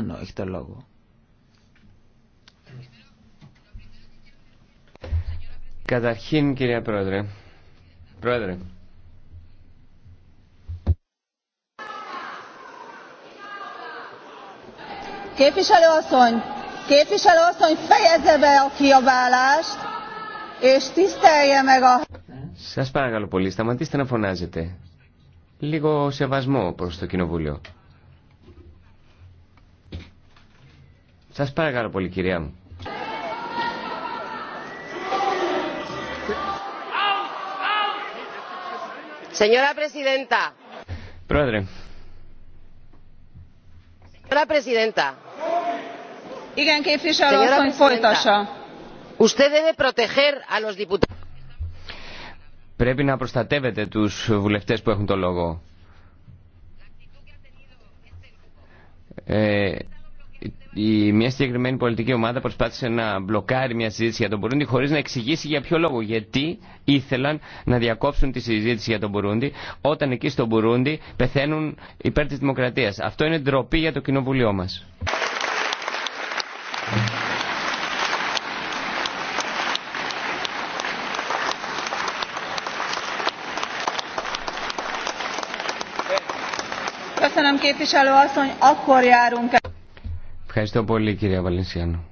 Ανώ, έχει το λόγο. Καταρχήν, κυρία Πρόεδρε. Πρόεδρε. Képviselő asszony, képviselő asszony fejezze be a kiabálást, és tisztelje meg a... Σας παρακαλώ πολύ, σταματήστε να φωνάζετε. Λίγο σεβασμό προς το κοινοβούλιο. Σας παρακαλώ πολύ κυρία μου. Señora Presidenta. Πρόεδρε. Señora Presidenta. Usted debe proteger a los diputados. Πρέπει να προστατεύετε τους βουλευτές που έχουν το λόγο. Ε, η, μια συγκεκριμένη πολιτική ομάδα προσπάθησε να μπλοκάρει μια συζήτηση για τον Μπουρούντι χωρί να εξηγήσει για ποιο λόγο. Γιατί ήθελαν να διακόψουν τη συζήτηση για τον Μπουρούντι όταν εκεί στον Μπουρούντι πεθαίνουν υπέρ τη δημοκρατία. Αυτό είναι ντροπή για το κοινοβούλιο μα. Köszönöm képviselő asszony, akkor járunk Ευχαριστώ πολύ κυρία Βαλενσιάνο.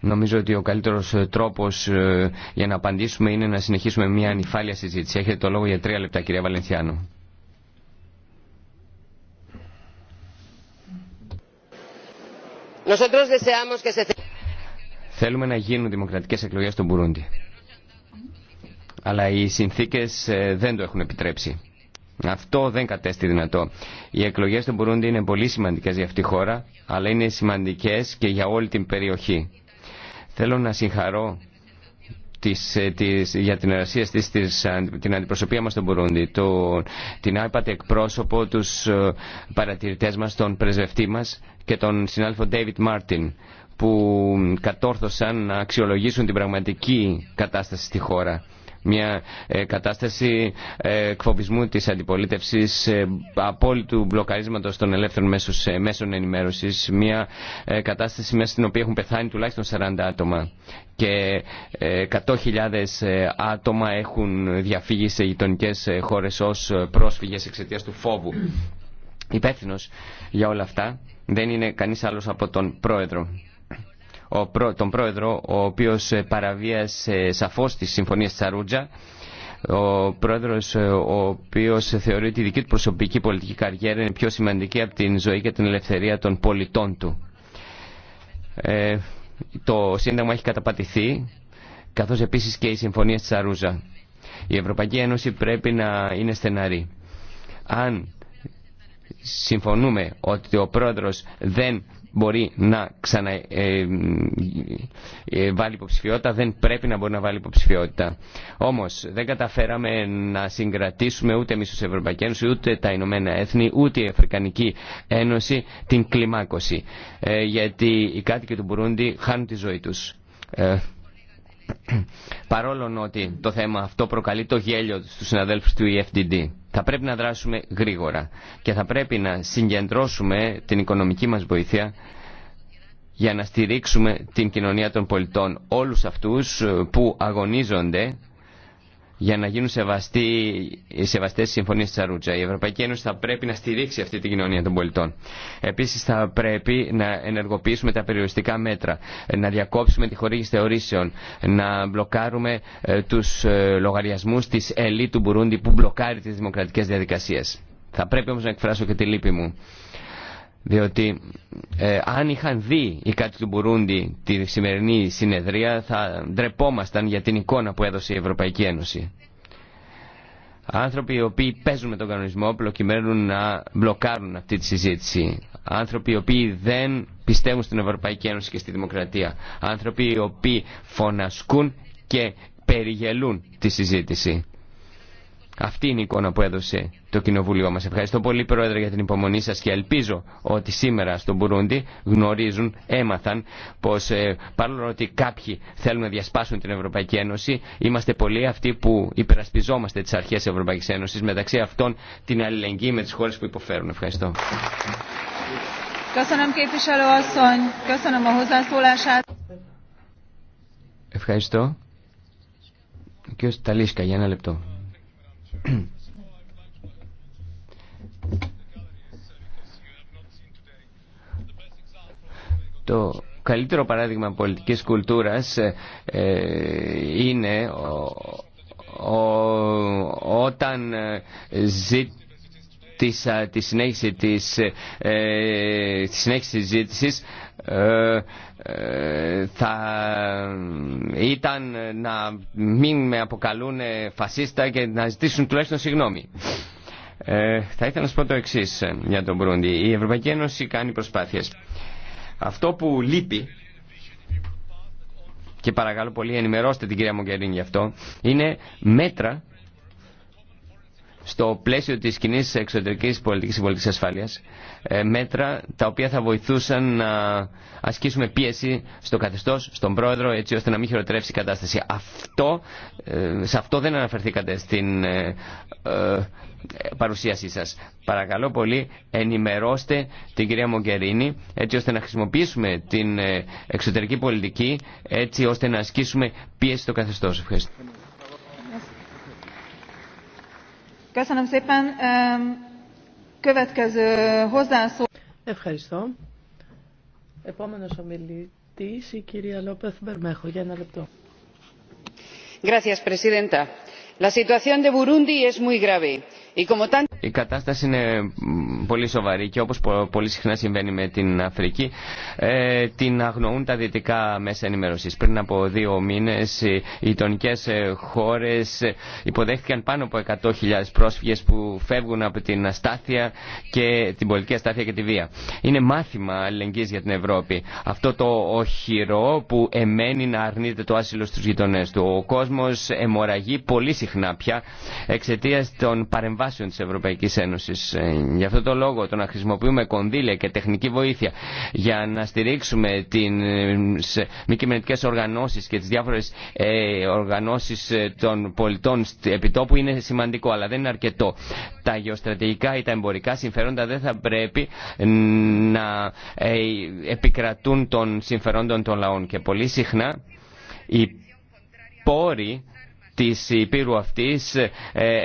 Νομίζω ότι ο καλύτερος ε, τρόπος ε, για να απαντήσουμε είναι να συνεχίσουμε μια ανιφάλια συζήτηση. Έχετε το λόγο για τρία λεπτά κυρία Βαλενσιάνο. Θέλουμε να γίνουν δημοκρατικές εκλογές στον Μπουρούντι. Αλλά οι συνθήκες ε, δεν το έχουν επιτρέψει. Αυτό δεν κατέστη δυνατό. Οι εκλογέ του Μπουρούντι είναι πολύ σημαντικέ για αυτή τη χώρα, αλλά είναι σημαντικέ και για όλη την περιοχή. Θέλω να συγχαρώ τις, ε, για την εργασία της, ε, την αντιπροσωπεία μας στον Μπουρούντι, την άπατη εκπρόσωπο, τους ε, παρατηρητές μας, τον πρεσβευτή μας και τον συνάδελφο David Μάρτιν που κατόρθωσαν να αξιολογήσουν την πραγματική κατάσταση στη χώρα μια ε, κατάσταση ε, εκφοβισμού της αντιπολίτευσης, ε, απόλυτου μπλοκαρίσματος των ελεύθερων μέσων ενημέρωσης, μια κατάσταση μέσα στην οποία έχουν πεθάνει τουλάχιστον 40 άτομα και 100.000 άτομα έχουν διαφύγει σε γειτονικέ χώρες ως πρόσφυγες εξαιτία του φόβου. Υπεύθυνο για όλα αυτά δεν είναι κανείς άλλος από τον πρόεδρο τον πρόεδρο, ο οποίος ε, παραβίασε σαφώς τη συμφωνία της Αρούτζα, ο πρόεδρος ε, ο οποίος θεωρεί ότι η δική του προσωπική πολιτική καριέρα είναι πιο σημαντική από την ζωή και την ελευθερία των πολιτών του. Ε, το Σύνταγμα έχει καταπατηθεί, καθώς επίσης και η συμφωνία της Αρούζα. Η Ευρωπαϊκή Ένωση πρέπει να είναι στεναρή. Αν συμφωνούμε ότι ο πρόεδρος δεν μπορεί να ξαναβάλει ε, ε, ε, υποψηφιότητα, δεν πρέπει να μπορεί να βάλει υποψηφιότητα. Όμως δεν καταφέραμε να συγκρατήσουμε ούτε εμείς ως Ευρωπαϊκή Ένωση, ούτε τα Ηνωμένα Έθνη, ούτε η Αφρικανική Ένωση την κλιμάκωση. γιατί οι κάτοικοι του Μπουρούντι χάνουν τη ζωή τους παρόλο ότι το θέμα αυτό προκαλεί το γέλιο στους συναδέλφους του EFDD, Θα πρέπει να δράσουμε γρήγορα και θα πρέπει να συγκεντρώσουμε την οικονομική μας βοήθεια για να στηρίξουμε την κοινωνία των πολιτών όλους αυτούς που αγωνίζονται για να γίνουν σεβαστοί, σεβαστές οι συμφωνίε τη Αρούτζα. Η Ευρωπαϊκή Ένωση θα πρέπει να στηρίξει αυτή την κοινωνία των πολιτών. Επίση, θα πρέπει να ενεργοποιήσουμε τα περιοριστικά μέτρα, να διακόψουμε τη χορήγηση θεωρήσεων, να μπλοκάρουμε ε, τους ε, λογαριασμούς της ΕΛΗ του Μπουρούντι που μπλοκάρει τις δημοκρατικέ διαδικασίε. Θα πρέπει όμω να εκφράσω και τη λύπη μου διότι ε, αν είχαν δει οι κάτι του Μπουρούντι τη σημερινή συνεδρία θα ντρεπόμασταν για την εικόνα που έδωσε η Ευρωπαϊκή Ένωση. Άνθρωποι οι οποίοι παίζουν με τον κανονισμό προκειμένου να μπλοκάρουν αυτή τη συζήτηση. Άνθρωποι οι οποίοι δεν πιστεύουν στην Ευρωπαϊκή Ένωση και στη Δημοκρατία. Άνθρωποι οι οποίοι φωνασκούν και περιγελούν τη συζήτηση. Αυτή είναι η εικόνα που έδωσε το κοινοβούλιο μας. Ευχαριστώ πολύ Πρόεδρε για την υπομονή σας και ελπίζω ότι σήμερα στον Μπουρούντι γνωρίζουν, έμαθαν πως ε, παρόλο ότι κάποιοι θέλουν να διασπάσουν την Ευρωπαϊκή Ένωση είμαστε πολλοί αυτοί που υπερασπιζόμαστε τις αρχές της Ευρωπαϊκής Ένωσης μεταξύ αυτών την αλληλεγγύη με τις χώρες που υποφέρουν. Ευχαριστώ. Ευχαριστώ. Ο κ. Ταλίσκα για ένα λεπτό. Το καλύτερο παράδειγμα πολιτικής κουλτούρας ε, ε, είναι όταν ε, ζήτησα τη συνέχιση της, της ε, ε, θα ήταν να μην με αποκαλούν φασίστα και να ζητήσουν τουλάχιστον συγγνώμη. Ε, θα ήθελα να σα πω το εξή για τον Μπρούντι. Η Ευρωπαϊκή Ένωση κάνει προσπάθειες. Αυτό που λείπει και παρακαλώ πολύ ενημερώστε την κυρία Μογκερίνη γι' αυτό είναι μέτρα στο πλαίσιο της κοινή εξωτερικής πολιτικής και πολιτικής ασφάλειας ε, μέτρα τα οποία θα βοηθούσαν να ασκήσουμε πίεση στο καθεστώς, στον πρόεδρο έτσι ώστε να μην χειροτερεύσει η κατάσταση. Αυτό, ε, σε αυτό δεν αναφερθήκατε στην ε, παρουσίασή σας. Παρακαλώ πολύ ενημερώστε την κυρία Μογκερίνη έτσι ώστε να χρησιμοποιήσουμε την εξωτερική πολιτική έτσι ώστε να ασκήσουμε πίεση στο καθεστώς. Ευχαριστώ. Ehm, Ευχαριστώ. Επόμενος ομιλητής, η κυρία Λόπεθ Μπερμέχο, για ένα λεπτό. Gracias, Presidenta. La situación de Burundi es muy grave η κατάσταση είναι πολύ σοβαρή και όπως πολύ συχνά συμβαίνει με την Αφρική ε, την αγνοούν τα δυτικά μέσα ενημέρωσης. Πριν από δύο μήνες οι γειτονικέ ε, χώρες ε, υποδέχτηκαν πάνω από 100.000 πρόσφυγες που φεύγουν από την αστάθεια και την πολιτική αστάθεια και τη βία. Είναι μάθημα αλληλεγγύης για την Ευρώπη. Αυτό το οχυρό που εμένει να αρνείται το άσυλο στους γειτονές του. Ο κόσμος αιμορραγεί πολύ συχνά πια εξαιτία των συμβάσεων της Ευρωπαϊκής Ένωσης. Ε, γι' αυτό το λόγο το να χρησιμοποιούμε κονδύλια και τεχνική βοήθεια για να στηρίξουμε τις ε, μη κυβερνητικές οργανώσεις και τις διάφορες ε, οργανώσεις των πολιτών επιτόπου είναι σημαντικό, αλλά δεν είναι αρκετό. Τα γεωστρατηγικά ή τα εμπορικά συμφέροντα δεν θα πρέπει να επικρατούν των συμφερόντων των λαών και πολύ συχνά οι πόροι της Υπήρου αυτής ε,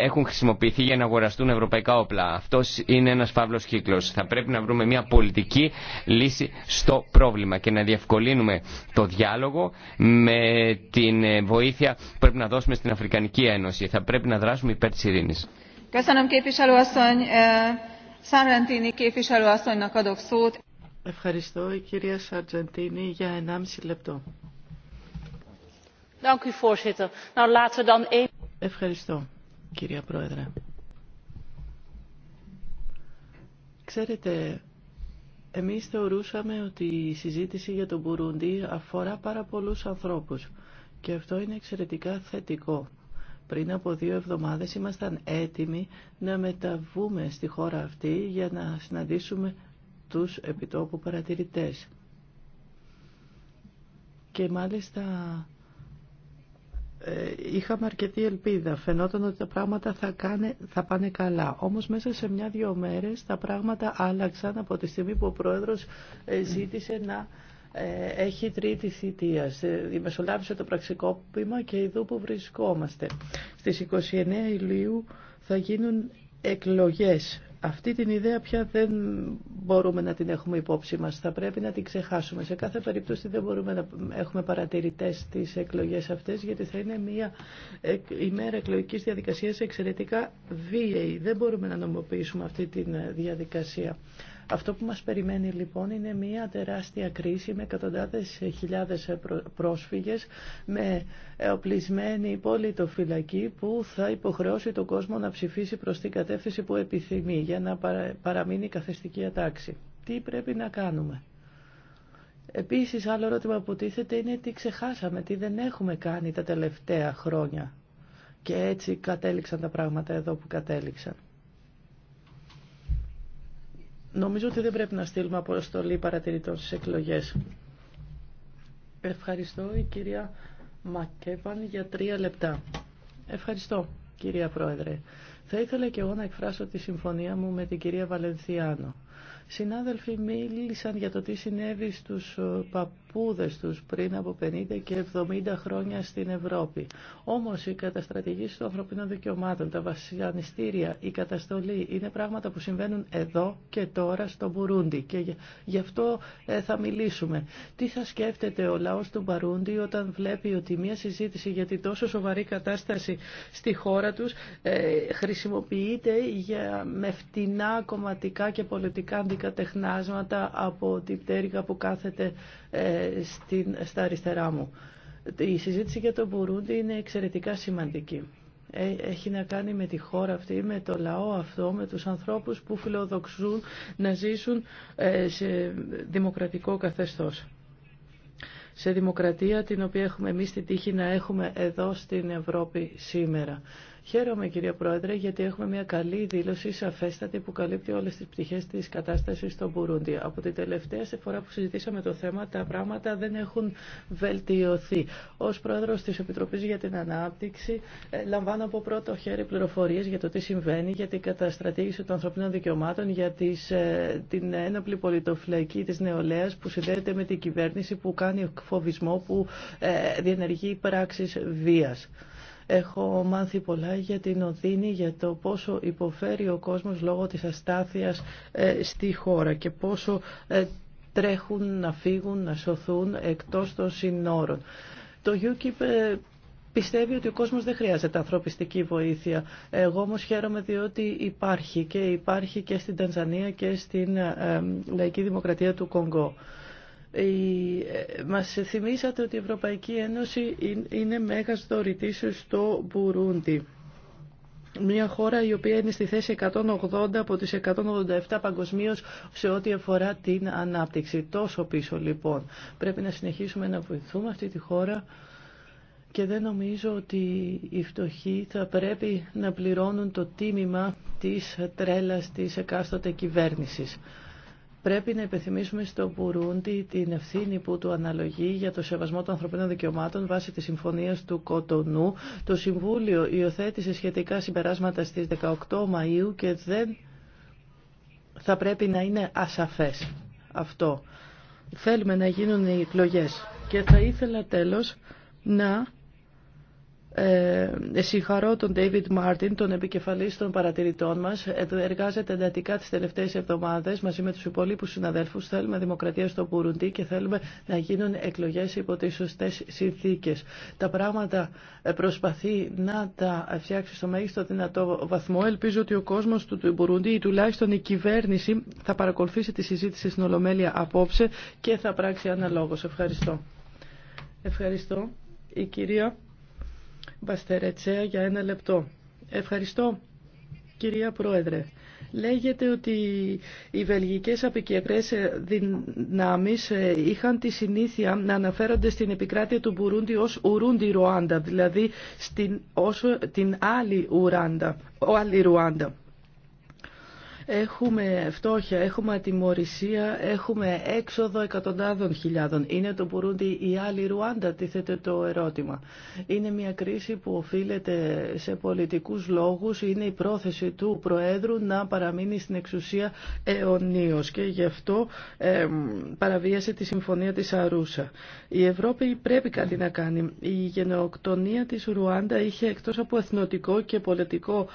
έχουν χρησιμοποιηθεί για να αγοραστούν ευρωπαϊκά όπλα. Αυτός είναι ένας φαύλος κύκλος. Θα πρέπει να βρούμε μια πολιτική λύση στο πρόβλημα και να διευκολύνουμε το διάλογο με την ε, βοήθεια που πρέπει να δώσουμε στην Αφρικανική Ένωση. Θα πρέπει να δράσουμε υπέρ της ειρήνης. Ε, Ευχαριστώ η κυρία Σαρτζεντίνη για 1,5 λεπτό. Ευχαριστώ, κυρία Πρόεδρε. Ξέρετε, εμείς θεωρούσαμε ότι η συζήτηση για τον Μπουρούντι αφορά πάρα πολλούς ανθρώπους και αυτό είναι εξαιρετικά θετικό. Πριν από δύο εβδομάδες ήμασταν έτοιμοι να μεταβούμε στη χώρα αυτή για να συναντήσουμε τους επιτόπου παρατηρητές. Και μάλιστα ε, είχαμε αρκετή ελπίδα. Φαινόταν ότι τα πράγματα θα, κάνε, θα πάνε καλά. Όμως μέσα σε μια-δυο μέρες τα πράγματα άλλαξαν από τη στιγμή που ο Πρόεδρος ε, ζήτησε να ε, έχει τρίτη θητεία. Μεσολάβησε το πραξικόπημα και εδώ που βρισκόμαστε. Στις 29 Ιουλίου θα γίνουν εκλογές αυτή την ιδέα πια δεν μπορούμε να την έχουμε υπόψη μας. Θα πρέπει να την ξεχάσουμε. Σε κάθε περίπτωση δεν μπορούμε να έχουμε παρατηρητές στις εκλογές αυτές γιατί θα είναι μια ε, ημέρα εκλογικής διαδικασίας εξαιρετικά βίαιη. Δεν μπορούμε να νομοποιήσουμε αυτή τη ε, διαδικασία. Αυτό που μας περιμένει λοιπόν είναι μια τεράστια κρίση με εκατοντάδες χιλιάδες πρόσφυγες με οπλισμένη πολιτοφυλακή που θα υποχρεώσει τον κόσμο να ψηφίσει προς την κατεύθυνση που επιθυμεί για να παραμείνει η καθεστική ατάξη. Τι πρέπει να κάνουμε. Επίσης άλλο ερώτημα που τίθεται είναι τι ξεχάσαμε, τι δεν έχουμε κάνει τα τελευταία χρόνια. Και έτσι κατέληξαν τα πράγματα εδώ που κατέληξαν. Νομίζω ότι δεν πρέπει να στείλουμε αποστολή παρατηρητών στις εκλογές. Ευχαριστώ η κυρία Μακέβαν για τρία λεπτά. Ευχαριστώ κυρία Πρόεδρε. Θα ήθελα και εγώ να εκφράσω τη συμφωνία μου με την κυρία Βαλενθιάνο. Συνάδελφοι μίλησαν για το τι συνέβη στους ε, παππούς παππούδες τους πριν από 50 και 70 χρόνια στην Ευρώπη. Όμως η καταστρατηγήσεις των ανθρωπίνων δικαιωμάτων, τα βασιανιστήρια, η καταστολή είναι πράγματα που συμβαίνουν εδώ και τώρα στο Μπουρούντι και γι' αυτό ε, θα μιλήσουμε. Τι θα σκέφτεται ο λαός του Μπαρούντι όταν βλέπει ότι μια συζήτηση για την τόσο σοβαρή κατάσταση στη χώρα τους ε, χρησιμοποιείται για, με φτηνά κομματικά και πολιτικά αντικατεχνάσματα από την πτέρυγα που κάθεται ε, στην, στα αριστερά μου. Η συζήτηση για το Μπουρούντι είναι εξαιρετικά σημαντική. Ε, έχει να κάνει με τη χώρα αυτή, με το λαό αυτό, με τους ανθρώπους που φιλοδοξούν να ζήσουν ε, σε δημοκρατικό καθεστώς. Σε δημοκρατία την οποία έχουμε εμείς την τύχη να έχουμε εδώ στην Ευρώπη σήμερα. Χαίρομαι κύριε Πρόεδρε γιατί έχουμε μια καλή δήλωση σαφέστατη που καλύπτει όλες τις πτυχές της κατάστασης στο Μπουρούντι. Από την τελευταία σε φορά που συζητήσαμε το θέμα τα πράγματα δεν έχουν βελτιωθεί. Ως Πρόεδρος της Επιτροπής για την Ανάπτυξη ε, λαμβάνω από πρώτο χέρι πληροφορίες για το τι συμβαίνει, για την καταστρατήγηση των ανθρωπίνων δικαιωμάτων, για τις, ε, την ένοπλη πολιτοφυλακή της νεολαίας που συνδέεται με την κυβέρνηση που κάνει φοβισμό, που ε, διενεργεί πράξεις βίας. Έχω μάθει πολλά για την Οδύνη, για το πόσο υποφέρει ο κόσμος λόγω της αστάθειας ε, στη χώρα και πόσο ε, τρέχουν να φύγουν, να σωθούν εκτός των συνόρων. Το UKIP ε, πιστεύει ότι ο κόσμος δεν χρειάζεται ανθρωπιστική βοήθεια. Εγώ όμως χαίρομαι διότι υπάρχει και υπάρχει και στην Τανζανία και στην Λαϊκή Δημοκρατία του Κονγκό. Ε, μας θυμίσατε ότι η Ευρωπαϊκή Ένωση είναι μέγας δωρητής στο Μπουρούντι. Μια χώρα η οποία είναι στη θέση 180 από τις 187 παγκοσμίω σε ό,τι αφορά την ανάπτυξη. Τόσο πίσω λοιπόν. Πρέπει να συνεχίσουμε να βοηθούμε αυτή τη χώρα και δεν νομίζω ότι οι φτωχοί θα πρέπει να πληρώνουν το τίμημα της τρέλας της εκάστοτε κυβέρνησης. Πρέπει να υπενθυμίσουμε στο Μπουρούντι την ευθύνη που του αναλογεί για το σεβασμό των ανθρωπίνων δικαιωμάτων βάσει τη Συμφωνία του Κοτονού. Το Συμβούλιο υιοθέτησε σχετικά συμπεράσματα στι 18 Μαου και δεν θα πρέπει να είναι ασαφέ αυτό. Θέλουμε να γίνουν οι εκλογέ. Και θα ήθελα τέλο να ε, συγχαρώ τον David Μάρτιν, τον επικεφαλής των παρατηρητών μας. Εργάζεται εντατικά τις τελευταίες εβδομάδες μαζί με τους υπολείπους συναδέλφους. Θέλουμε δημοκρατία στο Μπουρουντί και θέλουμε να γίνουν εκλογές υπό τις σωστές συνθήκες. Τα πράγματα ε, προσπαθεί να τα φτιάξει στο μέγιστο δυνατό βαθμό. Ελπίζω ότι ο κόσμος του Μπουρουντί ή τουλάχιστον η κυβέρνηση θα παρακολουθήσει τη συζήτηση στην Ολομέλεια απόψε και θα πράξει αναλόγω. Ευχαριστώ. Ευχαριστώ. Η κυρία Μπαστερετσέα για ένα λεπτό. Ευχαριστώ κυρία Πρόεδρε. Λέγεται ότι οι βελγικές απικιακρές δυνάμεις ε, είχαν τη συνήθεια να αναφέρονται στην επικράτεια του Μπουρούντι ως Ουρούντι Ρουάντα, δηλαδή στην, ως την άλλη Ουράντα, ο άλλη Ρουάντα. Έχουμε φτώχεια, έχουμε ατιμορρησία, έχουμε έξοδο εκατοντάδων χιλιάδων. Είναι το Μπουρούντι η άλλη Ρουάντα, τίθεται το ερώτημα. Είναι μια κρίση που οφείλεται σε πολιτικούς λόγους. Είναι η πρόθεση του Προέδρου να παραμείνει στην εξουσία αιωνίως και γι' αυτό παραβίασε τη συμφωνία της Αρούσα. Η Ευρώπη πρέπει κάτι να κάνει. Η γενοκτονία της Ρουάντα είχε εκτός από εθνοτικό και πολιτικό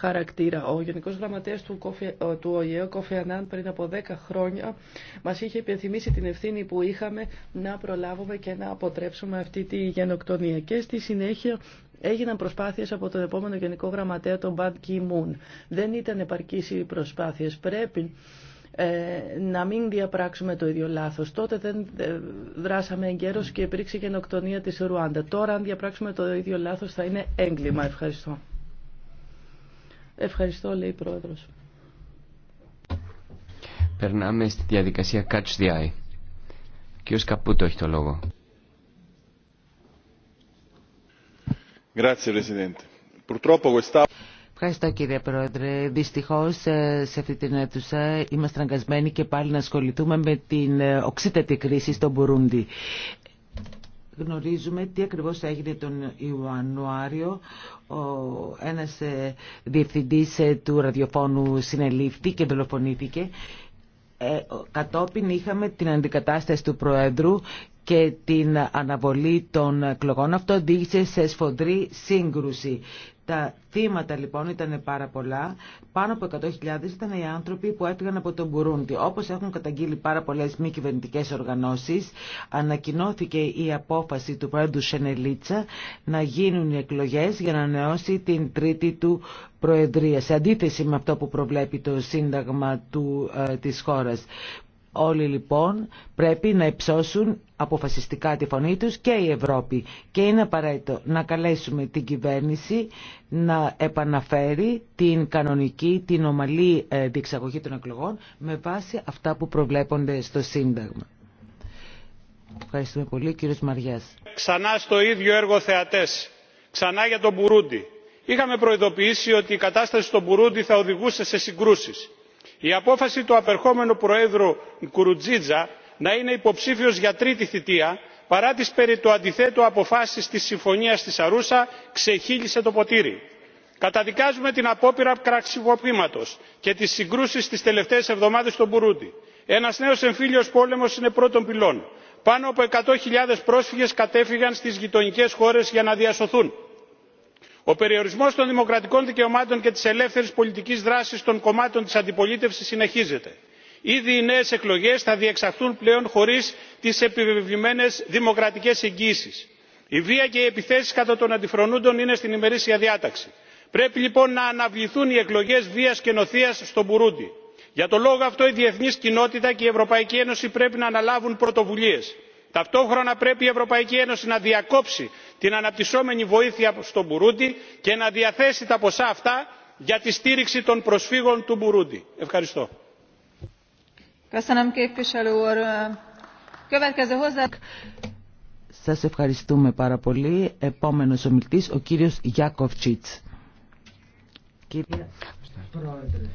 χαρακτήρα. Ο Γενικός Γραμματέας του του ΟΗΕ, ο Κοφεανάν, πριν από 10 χρόνια, μα είχε υπενθυμίσει την ευθύνη που είχαμε να προλάβουμε και να αποτρέψουμε αυτή τη γενοκτονία. Και στη συνέχεια έγιναν προσπάθειες από τον επόμενο Γενικό Γραμματέα, τον Μπαν Κιμούν. Δεν ήταν επαρκή οι προσπάθειε. Πρέπει ε, να μην διαπράξουμε το ίδιο λάθο. Τότε δεν ε, δράσαμε εγκαίρω και υπήρξε γενοκτονία τη Ρουάντα. Τώρα, αν διαπράξουμε το ίδιο λάθο, θα είναι έγκλημα. Ευχαριστώ. Ευχαριστώ, λέει η Πρόεδρος. Περνάμε στη διαδικασία Catch the Eye. Ο Καπούτο έχει το λόγο. Ευχαριστώ κύριε Πρόεδρε. Δυστυχώς ε, σε αυτή την αίθουσα είμαστε αναγκασμένοι και πάλι να ασχοληθούμε με την ε, οξύτατη κρίση στον Μπουρούντι. Γνωρίζουμε τι ακριβώς έγινε τον Ιανουάριο. Ο ένας ε, διευθυντής του ραδιοφώνου συνελήφθη και δολοφονήθηκε ε, κατόπιν είχαμε την αντικατάσταση του Προέδρου και την αναβολή των εκλογών. Αυτό οδήγησε σε σφοδρή σύγκρουση. Τα θύματα λοιπόν ήταν πάρα πολλά. Πάνω από 100.000 ήταν οι άνθρωποι που έφυγαν από τον Μπουρούντι. Όπως έχουν καταγγείλει πάρα πολλέ μη κυβερνητικέ οργανώσεις, ανακοινώθηκε η απόφαση του πρόεδρου Σενελίτσα να γίνουν οι εκλογές για να νεώσει την τρίτη του προεδρία. Σε αντίθεση με αυτό που προβλέπει το σύνταγμα του, ε, της χώρας. Όλοι λοιπόν πρέπει να υψώσουν αποφασιστικά τη φωνή τους και η Ευρώπη. Και είναι απαραίτητο να καλέσουμε την κυβέρνηση να επαναφέρει την κανονική, την ομαλή ε, διεξαγωγή των εκλογών με βάση αυτά που προβλέπονται στο Σύνταγμα. Ευχαριστούμε πολύ κύριος Μαριάς. Ξανά στο ίδιο έργο θεατές. Ξανά για τον Μπουρούντι. Είχαμε προειδοποιήσει ότι η κατάσταση στον Μπουρούντι θα οδηγούσε σε συγκρούσεις η απόφαση του απερχόμενου προέδρου νκουρουτζίτζα να είναι υποψήφιος για τρίτη θητεία παρά τις περί του αντιθέτου αποφάσεις της συμφωνίας της αρούσα ξεχύλισε το ποτήρι. καταδικάζουμε την απόπειρα πραξικοπήματος και τις συγκρούσεις τις τελευταίες εβδομάδες στο μπουρούντι. ένας νέος εμφύλιος πόλεμος είναι πρώτων πυλών. πάνω από εκατό χιλιάδες πρόσφυγες κατέφυγαν στις γειτονικές χώρες για να διασωθούν ο περιορισμός των δημοκρατικών δικαιωμάτων και της ελεύθερης πολιτικής δράσης των κομμάτων της αντιπολίτευσης συνεχίζεται. ήδη οι νέες εκλογές θα διεξαχθούν πλέον χωρίς τις επιβεβλημένες δημοκρατικές εγγυήσεις. η βία και οι επιθέσεις κατά των αντιφρονούντων είναι στην ημερήσια διάταξη. πρέπει λοιπόν να αναβληθούν οι εκλογές βίας και νοθείας στο μπουρούντι. για τον λόγο αυτό η διεθνής κοινότητα και η ευρωπαϊκή ένωση πρέπει να αναλάβουν πρωτοβουλίες ταυτόχρονα πρέπει η ευρωπαϊκή ένωση να διακόψει την αναπτυσσόμενη βοήθεια στο μπουρούντι και να διαθέσει τα ποσά αυτά για τη στήριξη των προσφύγων του μπουρούντι. ευχαριστώ. Σας ευχαριστούμε πάρα πολύ. Επόμενος ομιλητής, ο κύριος Τσίτς. Κύριε Πρόεδρε.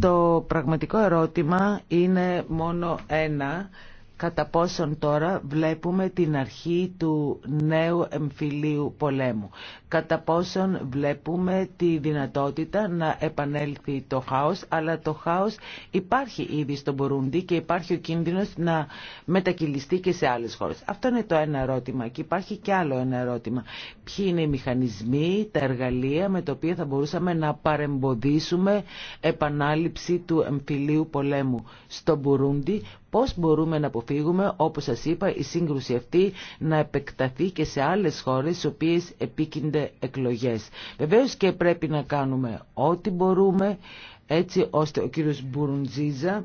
Το πραγματικό ερώτημα είναι μόνο ένα. Κατά πόσον τώρα βλέπουμε την αρχή του νέου εμφυλίου πολέμου κατά πόσον βλέπουμε τη δυνατότητα να επανέλθει το χάος, αλλά το χάος υπάρχει ήδη στον Μπουρούντι και υπάρχει ο κίνδυνος να μετακυλιστεί και σε άλλες χώρες. Αυτό είναι το ένα ερώτημα και υπάρχει και άλλο ένα ερώτημα. Ποιοι είναι οι μηχανισμοί, τα εργαλεία με τα οποία θα μπορούσαμε να παρεμποδίσουμε επανάληψη του εμφυλίου πολέμου στον Μπουρούντι, πώς μπορούμε να αποφύγουμε, όπως σας είπα, η σύγκρουση αυτή να επεκταθεί και σε άλλες χώρες, οι οποίες επίκυνται γίνονται εκλογές. Βεβαίως και πρέπει να κάνουμε ό,τι μπορούμε έτσι ώστε ο κύριος Μπουρουντζίζα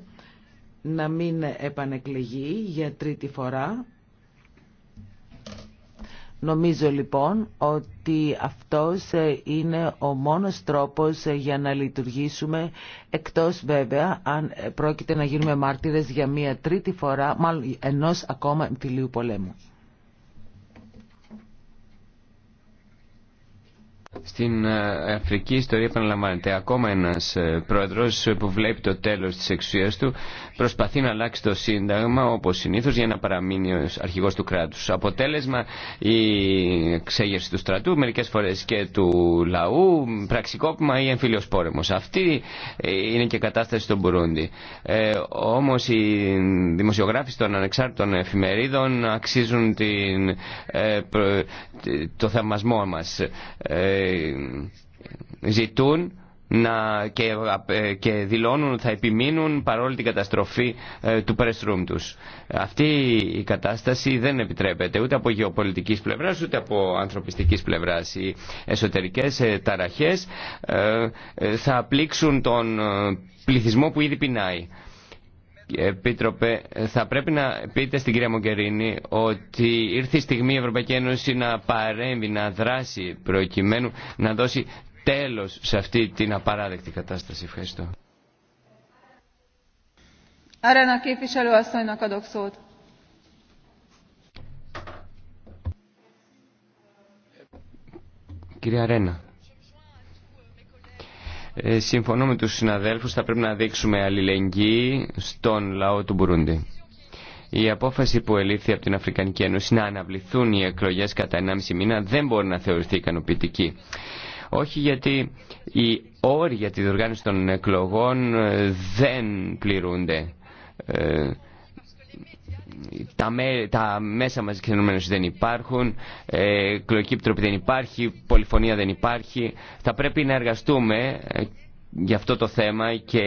να μην επανεκλεγεί για τρίτη φορά. Νομίζω λοιπόν ότι αυτός είναι ο μόνος τρόπος για να λειτουργήσουμε εκτός βέβαια αν πρόκειται να γίνουμε μάρτυρες για μία τρίτη φορά, μάλλον ενός ακόμα εμφυλίου πολέμου. Στην ε, Αφρική ιστορία επαναλαμβάνεται. Ακόμα ένας ε, πρόεδρος που βλέπει το τέλος της εξουσίας του προσπαθεί να αλλάξει το σύνταγμα όπως συνήθως για να παραμείνει ο αρχηγός του κράτους. Αποτέλεσμα η ξέγερση του στρατού, μερικές φορές και του λαού, πραξικόπημα ή εμφύλιος πόρεμος. Αυτή ε, είναι και η κατάσταση στον Μπουρούντι. Ε, όμως οι δημοσιογράφοι των ανεξάρτητων εφημερίδων αξίζουν την, το θαυμασμό μας. Ε, ε, ζητούν να, και, ε, και δηλώνουν ότι θα επιμείνουν παρόλη την καταστροφή ε, του press τους. Αυτή η κατάσταση δεν επιτρέπεται ούτε από γεωπολιτικής πλευράς ούτε από ανθρωπιστικής πλευράς. Οι εσωτερικές ταραχές θα πλήξουν τον πληθυσμό που ήδη πεινάει. Επίτροπε, θα πρέπει να πείτε στην κυρία Μογκερίνη ότι ήρθε η στιγμή η Ευρωπαϊκή Ένωση να παρέμβει, να δράσει προκειμένου να δώσει τέλος σε αυτή την απαράδεκτη κατάσταση. Ευχαριστώ. Κυρία Ρένα. Ε, συμφωνώ με τους συναδέλφους, θα πρέπει να δείξουμε αλληλεγγύη στον λαό του Μπουρούντι. Η απόφαση που ελήφθη από την Αφρικανική Ένωση να αναβληθούν οι εκλογές κατά 1,5 μήνα δεν μπορεί να θεωρηθεί ικανοποιητική. Όχι γιατί οι όροι για τη διοργάνωση των εκλογών ε, δεν πληρούνται. Ε, τα, μέ, τα μέσα μας εξενωμένως δεν υπάρχουν, ε, εκλογική δεν υπάρχει, πολυφωνία δεν υπάρχει. Θα πρέπει να εργαστούμε ε, για αυτό το θέμα και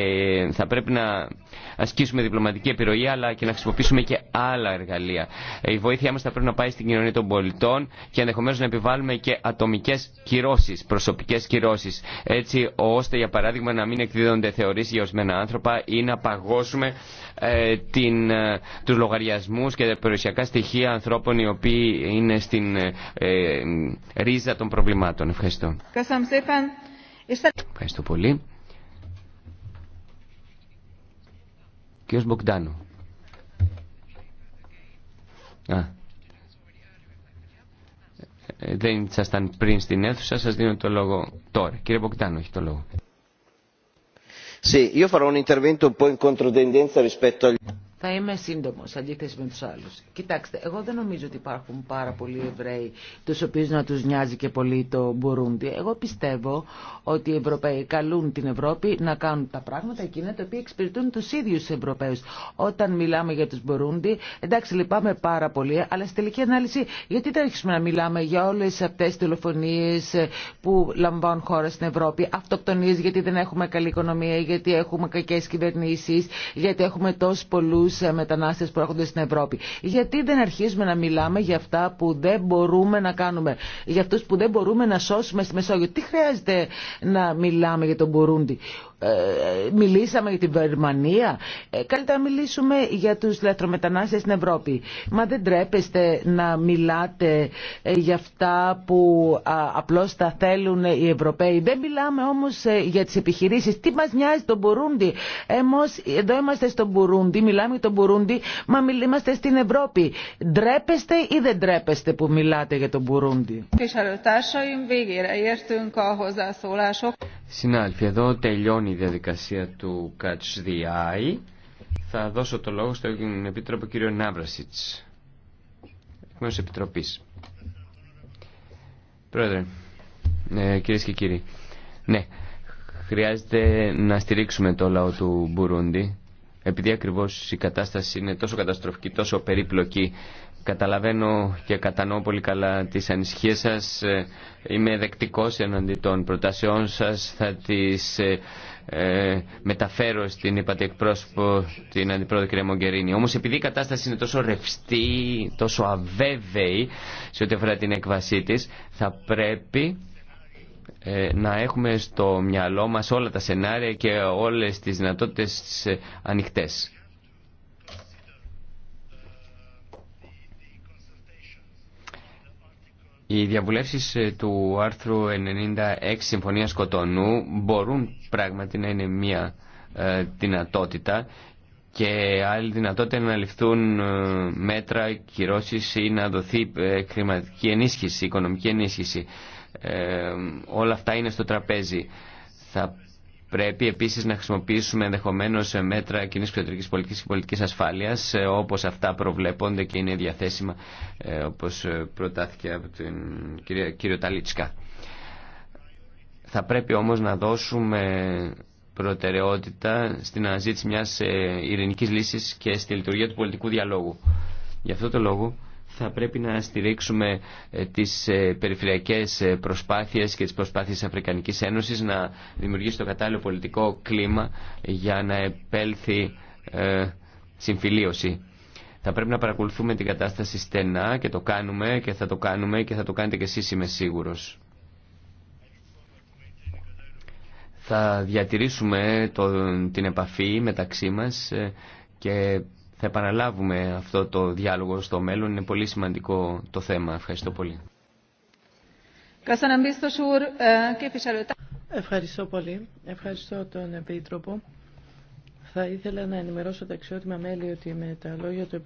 θα πρέπει να ασκήσουμε διπλωματική επιρροή αλλά και να χρησιμοποιήσουμε και άλλα εργαλεία. Η βοήθειά μας θα πρέπει να πάει στην κοινωνία των πολιτών και ενδεχομένως να επιβάλλουμε και ατομικές κυρώσεις, προσωπικές κυρώσεις έτσι ώστε για παράδειγμα να μην εκδίδονται θεωρήσεις για ορισμένα άνθρωπα ή να παγώσουμε ε, την, ε, τους λογαριασμούς και τα περιουσιακά στοιχεία ανθρώπων οι οποίοι είναι στην ε, ε, ρίζα των προβλημάτων. Ευχαριστώ. Ευχαριστώ πολύ. Κύριος Μποκντάνου. Α. Ε, δεν ήσασταν πριν στην αίθουσα, σας δίνω το λόγο τώρα. Κύριε Μποκτάνο, έχει το λόγο. Θα είμαι σύντομο, αντίθεση με του άλλου. Κοιτάξτε, εγώ δεν νομίζω ότι υπάρχουν πάρα πολλοί Εβραίοι, του οποίου να του νοιάζει και πολύ το Μπουρούντι. Εγώ πιστεύω ότι οι Ευρωπαίοι καλούν την Ευρώπη να κάνουν τα πράγματα εκείνα τα οποία εξυπηρετούν του ίδιου Ευρωπαίου. Όταν μιλάμε για του Μπουρούντι, εντάξει, λυπάμαι πάρα πολύ, αλλά στη τελική ανάλυση, γιατί δεν αρχίσουμε να μιλάμε για όλε αυτέ τι τηλεφωνίε ε, που λαμβάνουν χώρα στην Ευρώπη, αυτοκτονίε γιατί δεν έχουμε καλή οικονομία, γιατί έχουμε κακέ κυβερνήσει, γιατί έχουμε τόσου πολλού τους ε, μετανάστες που έρχονται στην Ευρώπη. Γιατί δεν αρχίζουμε να μιλάμε για αυτά που δεν μπορούμε να κάνουμε, για αυτούς που δεν μπορούμε να σώσουμε στη Μεσόγειο. Τι χρειάζεται να μιλάμε για τον Μπουρούντι. Ε, ε, μιλήσαμε για την Βερμανία. Ε, καλύτερα να μιλήσουμε για τους λαθρομετανάστες στην Ευρώπη. Μα δεν τρέπεστε να μιλάτε για αυτά που απλώς τα θέλουν οι Ευρωπαίοι. Δεν μιλάμε όμως για τις επιχειρήσεις. Τι μας νοιάζει το Μπουρούντι. Εμείς εδώ είμαστε στο Μπουρούντι, μιλάμε για το Μπουρούντι, μα μιλήμαστε στην Ευρώπη. Ντρέπεστε ή δεν ντρέπεστε που μιλάτε για το Μπουρούντι. Συνάλφη, εδώ τελειώνει η διαδικασία του Catch the Eye. Θα δώσω το λόγο στον Επίτροπο κύριο Ναύρασιτς, εκ μέρους Επιτροπής. Πρόεδρε, ε, κυρίες και κύριοι, ναι, χρειάζεται να στηρίξουμε το λαό του Μπουρούντι, επειδή ακριβώς η κατάσταση είναι τόσο καταστροφική, τόσο περίπλοκη Καταλαβαίνω και κατανοώ πολύ καλά τις ανησυχίες σας. Ε, είμαι δεκτικός εναντί των προτάσεών σας. Θα τις ε, ε, μεταφέρω στην είπατε την αντιπρόεδρο κυρία Μογκερίνη. Όμως επειδή η κατάσταση είναι τόσο ρευστή, τόσο αβέβαιη σε ό,τι αφορά την έκβασή της, θα πρέπει να έχουμε στο μυαλό μας όλα τα σενάρια και όλες τις δυνατότητες ανοιχτές. Οι διαβουλεύσει ε, του άρθρου 96 Συμφωνία Κοτονού μπορούν πράγματι να είναι μία ε, δυνατότητα και άλλη δυνατότητα να ληφθούν ε, μέτρα, κυρώσει ή να δοθεί χρηματική ενίσχυση, οικονομική ενίσχυση. όλα αυτά είναι στο τραπέζι. Πρέπει επίσης να χρησιμοποιήσουμε ενδεχομένω μέτρα κοινή εξωτερική πολιτικής και πολιτικής ασφάλειας ε, όπως αυτά προβλέπονται και είναι διαθέσιμα ε, όπως ε, προτάθηκε από τον κύριο Ταλίτσκα. Θα πρέπει όμως να δώσουμε προτεραιότητα στην αναζήτηση μιας ειρηνικής λύσης και στη λειτουργία του πολιτικού διαλόγου. Γι' αυτό το λόγο θα πρέπει να στηρίξουμε ε, τις ε, περιφερειακές ε, προσπάθειες και τις προσπάθειες της Αφρικανικής Ένωσης να δημιουργήσει το κατάλληλο πολιτικό κλίμα για να επέλθει συμφιλίωση. Θα πρέπει να παρακολουθούμε την κατάσταση στενά και το κάνουμε και θα το κάνουμε και θα το κάνετε και εσείς είμαι σίγουρος. Θα διατηρήσουμε την επαφή μεταξύ μας και θα επαναλάβουμε αυτό το διάλογο στο μέλλον. Είναι πολύ σημαντικό το θέμα. Ευχαριστώ πολύ. Ε, Ευχαριστώ πολύ. Ευχαριστώ τον Επίτροπο. Θα ήθελα να ενημερώσω τα αξιότιμα μέλη ότι με τα λόγια του